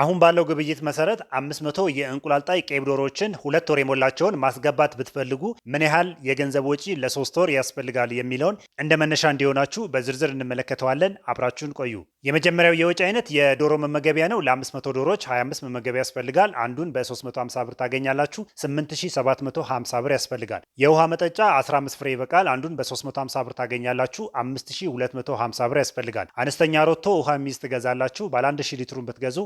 አሁን ባለው ግብይት መሰረት 500 የእንቁላል ጣይ ቄብ ዶሮዎችን ሁለት ወር የሞላቸውን ማስገባት ብትፈልጉ ምን ያህል የገንዘብ ወጪ ለሶስት ወር ያስፈልጋል የሚለውን እንደ መነሻ እንዲሆናችሁ በዝርዝር እንመለከተዋለን። አብራችሁን ቆዩ። የመጀመሪያው የወጪ አይነት የዶሮ መመገቢያ ነው። ለ500 ዶሮዎች 25 መመገቢያ ያስፈልጋል። አንዱን በ350 ብር ታገኛላችሁ። 8750 ብር ያስፈልጋል። የውሃ መጠጫ 15 ፍሬ ይበቃል። አንዱን በ350 ብር ታገኛላችሁ። 5250 ብር ያስፈልጋል። አነስተኛ ሮቶ ውሃ የሚይዝ ትገዛላችሁ። ባለ 1000 ሊትሩን ብትገዙ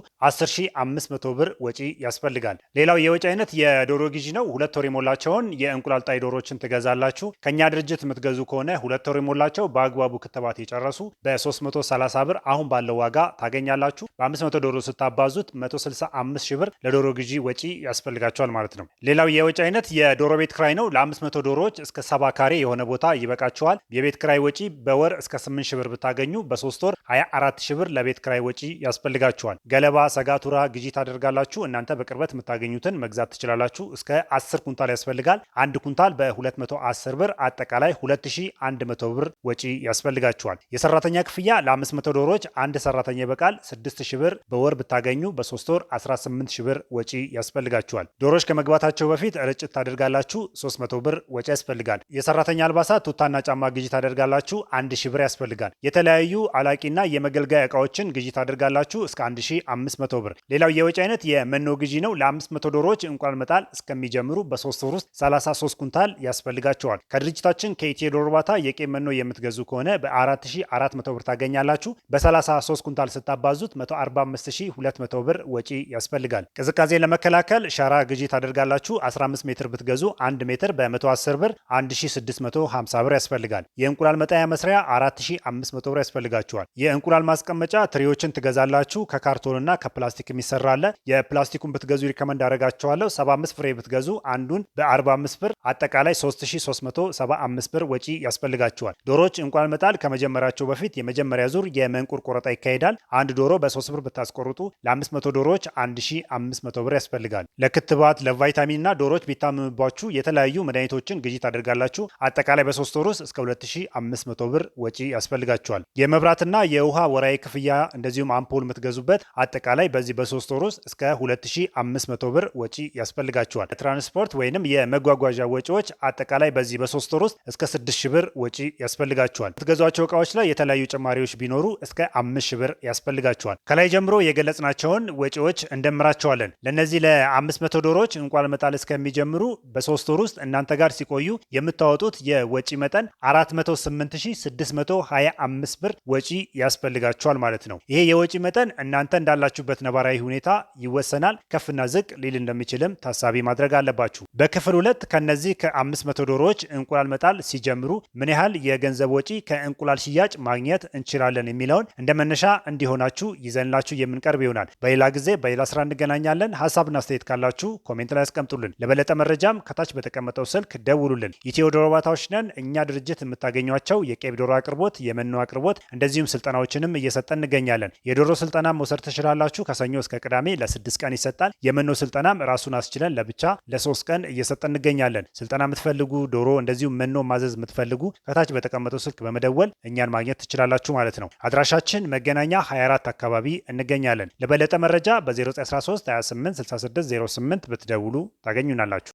10500 ብር ወጪ ያስፈልጋል። ሌላው የወጪ አይነት የዶሮ ግዢ ነው። ሁለት ወር የሞላቸውን የእንቁላል ጣይ ዶሮዎችን ትገዛላችሁ። ከእኛ ድርጅት የምትገዙ ከሆነ ሁለት ወር የሞላቸው በአግባቡ ክትባት የጨረሱ በ330 ብር አሁን ባለው ዋጋ ታገኛላችሁ። በ500 ዶሮ ስታባዙት 165 ሺህ ብር ለዶሮ ግዢ ወጪ ያስፈልጋቸዋል ማለት ነው። ሌላው የወጪ አይነት የዶሮ ቤት ክራይ ነው። ለ500 ዶሮዎች እስከ ሰባ ካሬ የሆነ ቦታ ይበቃቸዋል። የቤት ክራይ ወጪ በወር እስከ 8 ሺህ ብር ብታገኙ በሶስት ወር 24 ሺህ ብር ለቤት ክራይ ወጪ ያስፈልጋቸዋል። ገለባ ሰጋቱራ ግዢ ታደርጋላችሁ። እናንተ በቅርበት የምታገኙትን መግዛት ትችላላችሁ። እስከ 10 ኩንታል ያስፈልጋል። አንድ ኩንታል በ210 ብር አጠቃላይ 2100 ብር ወጪ ያስፈልጋችኋል። የሰራተኛ ክፍያ ለ500 ዶሮዎች አንድ ሰራተኛ ይበቃል። 6000 ብር በወር ብታገኙ በ3 ወር 18000 ብር ወጪ ያስፈልጋችኋል። ዶሮዎች ከመግባታቸው በፊት ርጭት ታደርጋላችሁ። 300 ብር ወጪ ያስፈልጋል። የሰራተኛ አልባሳት ቱታና ጫማ ግዢ ታደርጋላችሁ። 1000 ብር ያስፈልጋል። የተለያዩ አላቂና የመገልገያ እቃዎችን ግዢ ታደርጋላችሁ። እስከ 1500 መቶ ብር። ሌላው የወጪ አይነት የመኖ ግዢ ነው። ለ500 ዶሮዎች እንቁላል መጣል እስከሚጀምሩ በሶስት ወር ውስጥ 33 ኩንታል ያስፈልጋቸዋል። ከድርጅታችን ከኢትዮ ዶሮ እርባታ የቄ መኖ የምትገዙ ከሆነ በ4400 ብር ታገኛላችሁ። በ33 ኩንታል ስታባዙት 145200 ብር ወጪ ያስፈልጋል። ቅዝቃዜ ለመከላከል ሸራ ግዢ ታደርጋላችሁ። 15 ሜትር ብትገዙ 1 ሜትር በ110 ብር 1650 ብር ያስፈልጋል። የእንቁላል መጣያ መስሪያ 4500 ብር ያስፈልጋችኋል። የእንቁላል ማስቀመጫ ትሪዎችን ትገዛላችሁ ከካርቶንና ከፕላ ፕላስቲክ የሚሰራ አለ። የፕላስቲኩን ብትገዙ ሪከመንድ አደርጋቸዋለሁ። 75 ፍሬ ብትገዙ አንዱን በ45 ብር አጠቃላይ 3375 ብር ወጪ ያስፈልጋቸዋል። ዶሮዎች እንቁላል መጣል ከመጀመራቸው በፊት የመጀመሪያ ዙር የመንቁር ቆረጣ ይካሄዳል። አንድ ዶሮ በ3 ብር ብታስቆርጡ ለ500 ዶሮዎች 1500 ብር ያስፈልጋል። ለክትባት ለቫይታሚን እና ዶሮዎች ቢታመሙባችሁ የተለያዩ መድኃኒቶችን ግዢ ታደርጋላችሁ። አጠቃላይ በሶስት ወር ውስጥ እስከ 2500 ብር ወጪ ያስፈልጋቸዋል። የመብራትና የውሃ ወራዊ ክፍያ እንደዚሁም አምፖል የምትገዙበት አጠቃላይ በዚህ በሶስት ወር ውስጥ እስከ 2500 ብር ወጪ ያስፈልጋቸዋል። ትራንስፖርት ወይንም የመጓጓዣ ወጪዎች አጠቃላይ በዚህ በሶስት ወር ውስጥ እስከ ስድስት ሺህ ብር ወጪ ያስፈልጋቸዋል። ትገዟቸው እቃዎች ላይ የተለያዩ ጭማሪዎች ቢኖሩ እስከ አምስት ሺህ ብር ያስፈልጋቸዋል። ከላይ ጀምሮ የገለጽናቸውን ወጪዎች እንደምራቸዋለን። ለእነዚህ ለአምስት መቶ ዶሮዎች እንቁላል መጣል እስከሚጀምሩ በሶስት ወር ውስጥ እናንተ ጋር ሲቆዩ የምታወጡት የወጪ መጠን 408625 ብር ወጪ ያስፈልጋቸዋል ማለት ነው። ይሄ የወጪ መጠን እናንተ እንዳላችሁበት ነባራዊ ሁኔታ ይወሰናል። ከፍና ዝቅ ሊል እንደሚችልም ታሳቢ ማድረግ አለባችሁ። በክፍል ሁለት ከነዚህ እነዚህ ከ500 ዶሮዎች እንቁላል መጣል ሲጀምሩ ምን ያህል የገንዘብ ወጪ ከእንቁላል ሽያጭ ማግኘት እንችላለን የሚለውን እንደ መነሻ እንዲሆናችሁ ይዘንላችሁ የምንቀርብ ይሆናል። በሌላ ጊዜ በሌላ ስራ እንገናኛለን። ሀሳብና አስተያየት ካላችሁ ኮሜንት ላይ ያስቀምጡልን። ለበለጠ መረጃም ከታች በተቀመጠው ስልክ ደውሉልን። ኢትዮ ዶሮ ባታዎች ነን። እኛ ድርጅት የምታገኟቸው የቄብ ዶሮ አቅርቦት፣ የመኖ አቅርቦት እንደዚሁም ስልጠናዎችንም እየሰጠን እንገኛለን። የዶሮ ስልጠና መውሰድ ትችላላችሁ። ከሰኞ እስከ ቅዳሜ ለስድስት ቀን ይሰጣል። የመኖ ስልጠናም ራሱን አስችለን ለብቻ ለሶስት ቀን እየሰጠን እንገኛለን። ስልጠና የምትፈልጉ ዶሮ፣ እንደዚሁ መኖ ማዘዝ የምትፈልጉ ከታች በተቀመጠው ስልክ በመደወል እኛን ማግኘት ትችላላችሁ ማለት ነው። አድራሻችን መገናኛ 24 አካባቢ እንገኛለን። ለበለጠ መረጃ በ0913 28 6608 ብትደውሉ ታገኙናላችሁ።